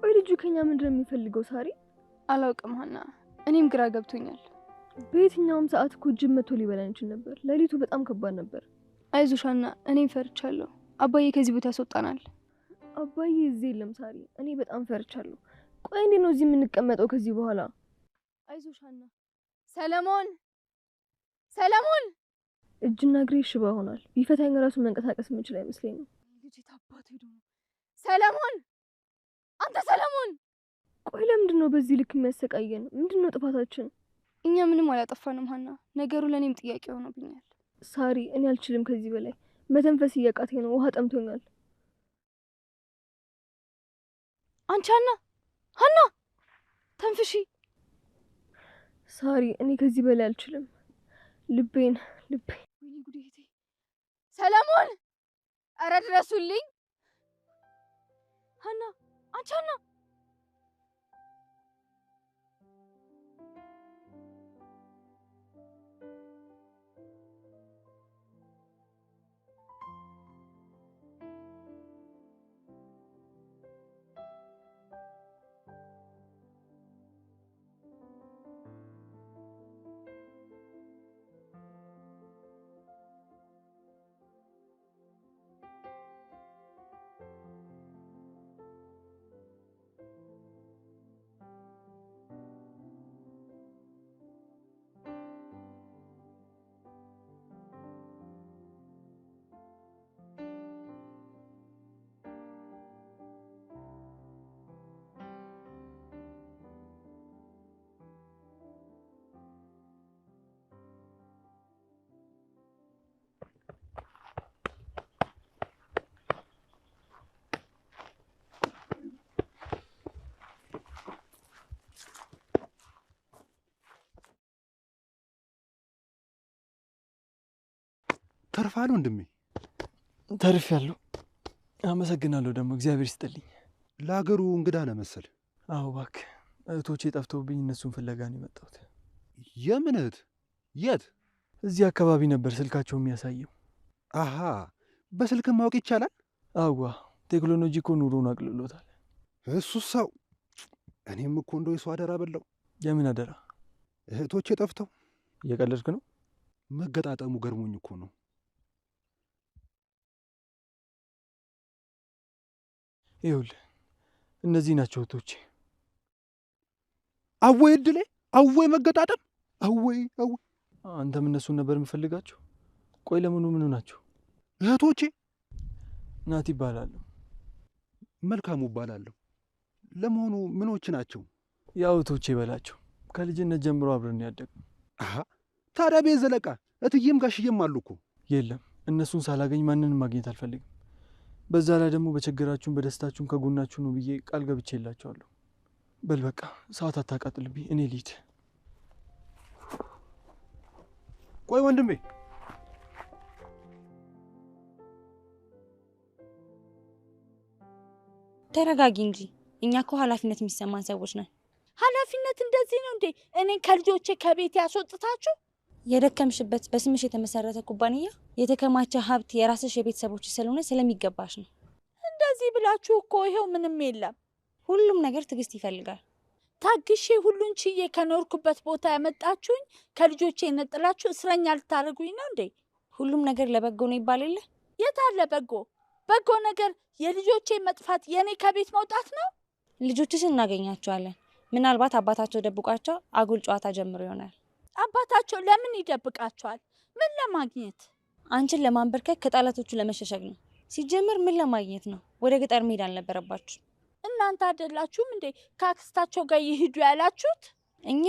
ቆይ ልጁ ከኛ ምንድን ነው የሚፈልገው? ሳሪ አላውቅም ሀና፣ እኔም ግራ ገብቶኛል። በየትኛውም ሰዓት እኮ ጅብ መቶ ሊበላን ይችል ነበር። ሌሊቱ በጣም ከባድ ነበር። አይዞሽ ሀና፣ እኔም ፈርቻለሁ። አባዬ ከዚህ ቦታ ያስወጣናል። አባዬ እዚህ የለም ሳሪ፣ እኔ በጣም ፈርቻለሁ። ቆይ እንዴት ነው እዚህ የምንቀመጠው ከዚህ በኋላ? አይዞሽ ሀና። ሰለሞን ሰለሞን! እጅና እግሬ ሽባ ሆኗል። ቢፈታኝ ራሱ መንቀሳቀስ የምችል አይመስለኝም። ሰለሞን አንተ ሰለሞን፣ ቆይ ለምንድን ነው በዚህ ልክ የሚያሰቃየን? ምንድን ነው ጥፋታችን? እኛ ምንም አላጠፋንም ሀና። ነገሩ ለእኔም ጥያቄ ሆኖብኛል። ሳሪ፣ እኔ አልችልም ከዚህ በላይ መተንፈስ እያቃቴ ነው። ውሃ ጠምቶኛል። አንቺ ሀና ሀና ተንፍሺ። ሳሪ፣ እኔ ከዚህ በላይ አልችልም። ልቤን ልቤ ሰለሞን፣ ኧረ ድረሱልኝ ሀና अच्छा ना ተርፋል ወንድሜ። ተርፍ ያለው አመሰግናለሁ። ደግሞ እግዚአብሔር ይስጥልኝ። ለሀገሩ እንግዳ ነህ መሰል? አዎ እባክህ፣ እህቶቼ ጠፍተውብኝ እነሱን ፍለጋ ነው የመጣሁት። የምን እህት? የት? እዚህ አካባቢ ነበር ስልካቸው የሚያሳየው። አሀ፣ በስልክ ማወቅ ይቻላል? አዋ፣ ቴክኖሎጂ እኮ ኑሮን አቅልሎታል። እሱ ሰው እኔም እኮ እንደ የሰው አደራ በላው። የምን አደራ? እህቶቼ ጠፍተው። እየቀለድክ ነው? መገጣጠሙ ገርሞኝ እኮ ነው ይኸውልህ እነዚህ ናቸው እህቶቼ። አወይ እድሌ፣ አወይ መገጣጠም፣ አወይ አወይ። አንተም እነሱን ነበር የምፈልጋቸው። ቆይ ለምኑ ምኑ ናቸው እህቶቼ? ናት ይባላሉ፣ መልካሙ ይባላለሁ። ለመሆኑ ምኖች ናቸው? ያው እህቶቼ በላቸው። ከልጅነት ጀምሮ አብረን ያደግ። ታዲያ ቤት ዘለቃ እትዬም ጋሽዬም አሉ እኮ። የለም እነሱን ሳላገኝ ማንንም ማግኘት አልፈልግም። በዛ ላይ ደግሞ በችግራችሁም በደስታችሁም ከጎናችሁ ነው ብዬ ቃል ገብቼ የላቸዋለሁ። በል በቃ ሰዓት አታቃጥልብኝ፣ እኔ ልሂድ። ቆይ ወንድሜ ተረጋጊ እንጂ እኛ እኮ ኃላፊነት የሚሰማን ሰዎች ነን። ኃላፊነት እንደዚህ ነው እንዴ? እኔን ከልጆቼ ከቤት ያስወጥታችሁ የደከምሽበት በስምሽ የተመሰረተ ኩባንያ የተከማቸ ሀብት የራስሽ የቤተሰቦች ስለሆነ ስለሚገባሽ ነው። እንደዚህ ብላችሁ እኮ ይኸው ምንም የለም። ሁሉም ነገር ትዕግስት ይፈልጋል። ታግሼ ሁሉን ችዬ ከኖርኩበት ቦታ ያመጣችሁኝ ከልጆቼ የነጠላችሁ እስረኛ ልታደርጉኝ ነው እንዴ? ሁሉም ነገር ለበጎ ነው ይባል የት አለ በጎ? በጎ ነገር የልጆቼ መጥፋት የእኔ ከቤት መውጣት ነው። ልጆችሽን እናገኛቸዋለን። ምናልባት አባታቸው ደብቋቸው አጉል ጨዋታ ጀምሮ ይሆናል። አባታቸው ለምን ይደብቃቸዋል? ምን ለማግኘት? አንቺን ለማንበርከክ ከጠላቶቹ ለመሸሸግ ነው። ሲጀምር ምን ለማግኘት ነው? ወደ ገጠር መሄድ አልነበረባችሁ። እናንተ አይደላችሁም እንዴ ከአክስታቸው ጋር ይሄዱ ያላችሁት? እኛ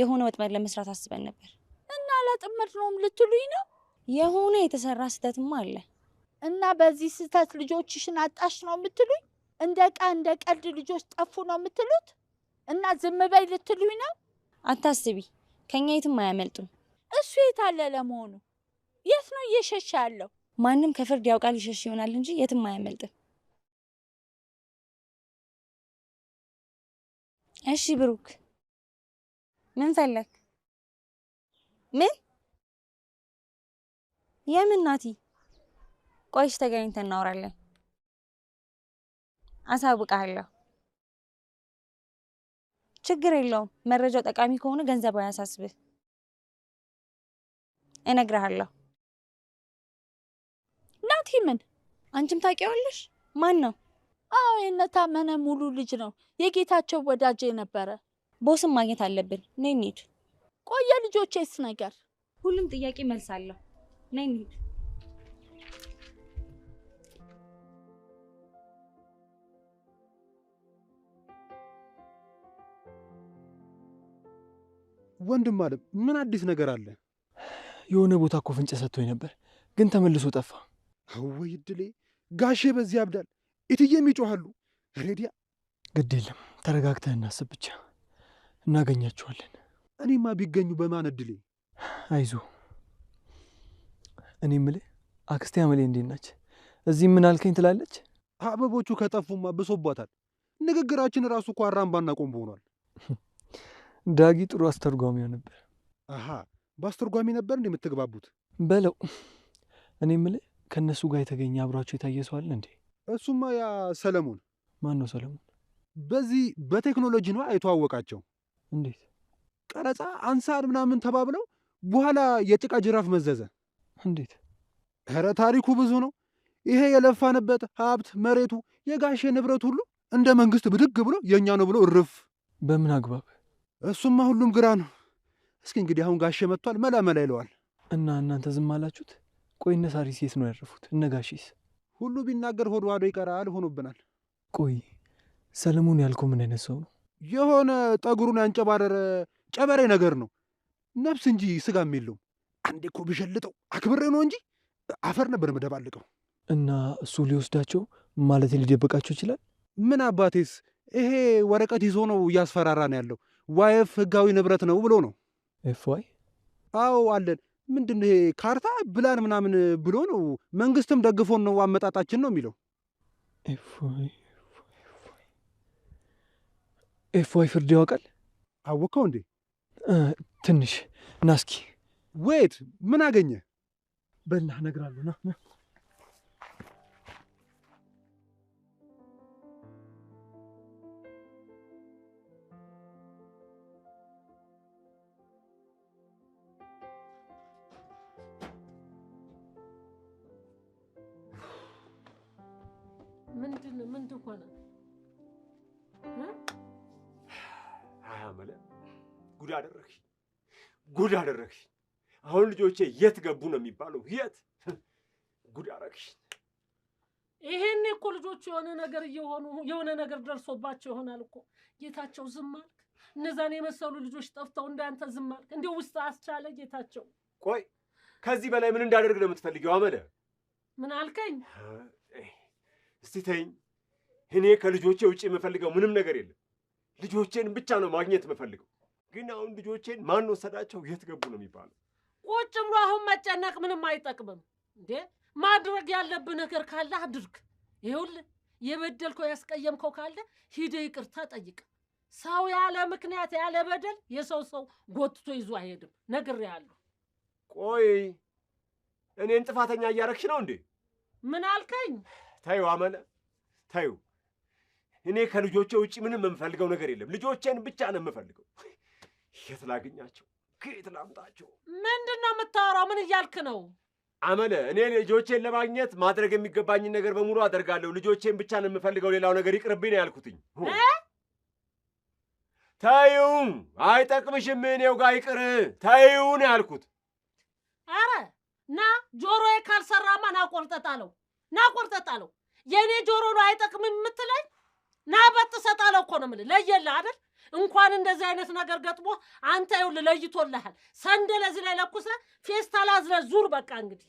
የሆነ ወጥመድ ለመስራት አስበን ነበር። እና ለጥምድ ነው ልትሉኝ ነው? የሆነ የተሰራ ስህተትም አለ። እና በዚህ ስህተት ልጆችሽን አጣሽ ነው የምትሉኝ? እንደ ዕቃ እንደ ቀልድ ልጆች ጠፉ ነው የምትሉት? እና ዝም በይ ልትሉኝ ነው? አታስቢ ከኛ የትም አያመልጡም። እሱ የታለ ለመሆኑ የት ነው እየሸሸ ያለው? ማንም ከፍርድ ያውቃል። ይሸሽ ይሆናል እንጂ የትም አያመልጥም። እሺ ብሩክ፣ ምን ፈለክ? ምን የምን ናቲ? ቆይሽ ተገናኝተን እናወራለን። አሳውቃለሁ። ችግር የለውም። መረጃው ጠቃሚ ከሆነ ገንዘብ አያሳስብህ። እነግርሃለሁ። ናቲ ምን? አንቺም ታውቂዋለሽ? ማን ነው? አዎ የነታመነ ሙሉ ልጅ ነው። የጌታቸው ወዳጅ የነበረ ቦስም ማግኘት አለብን። ነይ እንሂድ። ቆየ ልጆቼስ ነገር ሁሉም ጥያቄ መልስ አለሁ። ነይ እንሂድ። ወንድም አለም ምን አዲስ ነገር አለ? የሆነ ቦታ እኮ ፍንጭ ሰጥቶኝ ነበር፣ ግን ተመልሶ ጠፋ። አወይ እድሌ! ጋሼ በዚህ ያብዳል፣ እትዬም ይጮኋሉ። ሬዲያ ግድ የለም ተረጋግተህ እናስብ ብቻ፣ እናገኛቸዋለን። እኔማ ቢገኙ በማን እድሌ? አይዞ እኔ ምልህ አክስቴ አመሌ እንዴት ናች? እዚህ ምን አልከኝ ትላለች። አበቦቹ ከጠፉማ ብሶባታል። ንግግራችን ራሱ እኮ አራምባና ቆንቦ ሆኗል። ዳጊ ጥሩ አስተርጓሚያ ነበር። አሀ በአስተርጓሚ ነበር እንደ የምትግባቡት በለው። እኔ የምልህ ከእነሱ ጋር የተገኘ አብሯቸው የታየ ሰው አለ እንዴ? እሱማ ያ ሰለሞን። ማን ነው ሰለሞን? በዚህ በቴክኖሎጂ ነው የተዋወቃቸው። እንዴት? ቀረጻ አንሳር ምናምን ተባብለው በኋላ የጭቃ ጅራፍ መዘዘ። እንዴት? ኧረ ታሪኩ ብዙ ነው። ይሄ የለፋንበት ሀብት መሬቱ፣ የጋሼ ንብረት ሁሉ እንደ መንግስት ብድግ ብሎ የእኛ ነው ብሎ እርፍ። በምን አግባብ እሱማ ሁሉም ግራ ነው። እስኪ እንግዲህ አሁን ጋሼ መጥቷል፣ መላ መላ ይለዋል እና እናንተ ዝም አላችሁት። ቆይ እነ ሳሪስ የት ነው ያረፉት? እነ ጋሼስ? ሁሉ ቢናገር ሆድ ባዶ ይቀራል፣ ሆኖብናል። ቆይ ሰለሞን ያልከው ምን አይነት ሰው ነው? የሆነ ጠጉሩን ያንጨባረረ ጨበሬ ነገር ነው፣ ነፍስ እንጂ ስጋም የለውም። አንዴ እኮ ብሸልጠው አክብሬ ነው እንጂ አፈር ነበር መደባልቀው። እና እሱ ሊወስዳቸው ማለት ሊደበቃቸው ይችላል። ምን አባቴስ ይሄ ወረቀት ይዞ ነው እያስፈራራ ነው ያለው። ዋይፍ ህጋዊ ንብረት ነው ብሎ ነው። ኤፍ ዋይ አዎ አለን። ምንድን ይሄ ካርታ ብላን ምናምን ብሎ ነው። መንግስትም ደግፎን ነው አመጣጣችን ነው የሚለው። ኤፍ ዋይ ፍርድ ያውቃል። አወቀው እንዴ? ትንሽ ናስኪ ዌት ምን አገኘ? በልና እነግራለሁ ና ምንድን ምን ትሆነ አያመለ ጉድ አደረግሽ፣ ጉድ አደረግሽ። አሁን ልጆቼ የት ገቡ ነው የሚባለው? የት ጉድ አደረግሽ። ይሄን እኮ ልጆቹ የሆነ ነገር እየሆኑ የሆነ ነገር ደርሶባቸው ይሆናል እኮ ጌታቸው። ዝም አልክ። እነዛን የመሰሉ ልጆች ጠፍተው እንዳንተ ዝም አልክ። እንዲሁ ውስጥ አስቻለ ጌታቸው። ቆይ ከዚህ በላይ ምን እንዳደርግ ነው የምትፈልጊው? አመለ ምን አልከኝ? እስቲ ተይኝ። እኔ ከልጆቼ ውጭ የምፈልገው ምንም ነገር የለም። ልጆቼን ብቻ ነው ማግኘት የምፈልገው። ግን አሁን ልጆቼን ማን ወሰዳቸው? የት ገቡ ነው የሚባለው? ቁጭ ብሎ አሁን መጨነቅ ምንም አይጠቅምም። እንዴ ማድረግ ያለብህ ነገር ካለ አድርግ። ይኸውልህ የበደልከው ያስቀየምከው ካለ ሂደ ይቅርታ ጠይቅ። ሰው ያለ ምክንያት ያለ በደል የሰው ሰው ጎትቶ ይዞ አይሄድም። ነግሬሃለሁ። ቆይ እኔን ጥፋተኛ እያረግሽ ነው እንዴ? ምን አልከኝ? ታዩ አመነ ታዩ፣ እኔ ከልጆቼ ውጭ ምንም የምፈልገው ነገር የለም። ልጆቼን ብቻ ነው የምፈልገው። የት ላገኛቸው ከየት ላምጣቸው? ምንድን ነው የምታወራው? ምን እያልክ ነው አመለ? እኔ ልጆቼን ለማግኘት ማድረግ የሚገባኝን ነገር በሙሉ አደርጋለሁ። ልጆቼን ብቻ ነው የምፈልገው። ሌላው ነገር ይቅርብኝ ነው ያልኩትኝ። ታዩ፣ አይጠቅምሽም። እኔው ጋር ይቅር ታዩ ነው ያልኩት። አረ ና ጆሮዬ ካልሰራማ ና ና ቆርጠህ ጣለው። የእኔ ጆሮ ነው አይጠቅም የምትለኝ? ና በጥሰህ ጣለው እኮ ነው የምልህ። ለየለ አይደል? እንኳን እንደዚህ አይነት ነገር ገጥሞ አንተ ይኸውልህ ለይቶልሃል። ሰንደለ እዚህ ላይ ለኩሰህ ፌስታል አዝለህ ዙር። በቃ እንግዲህ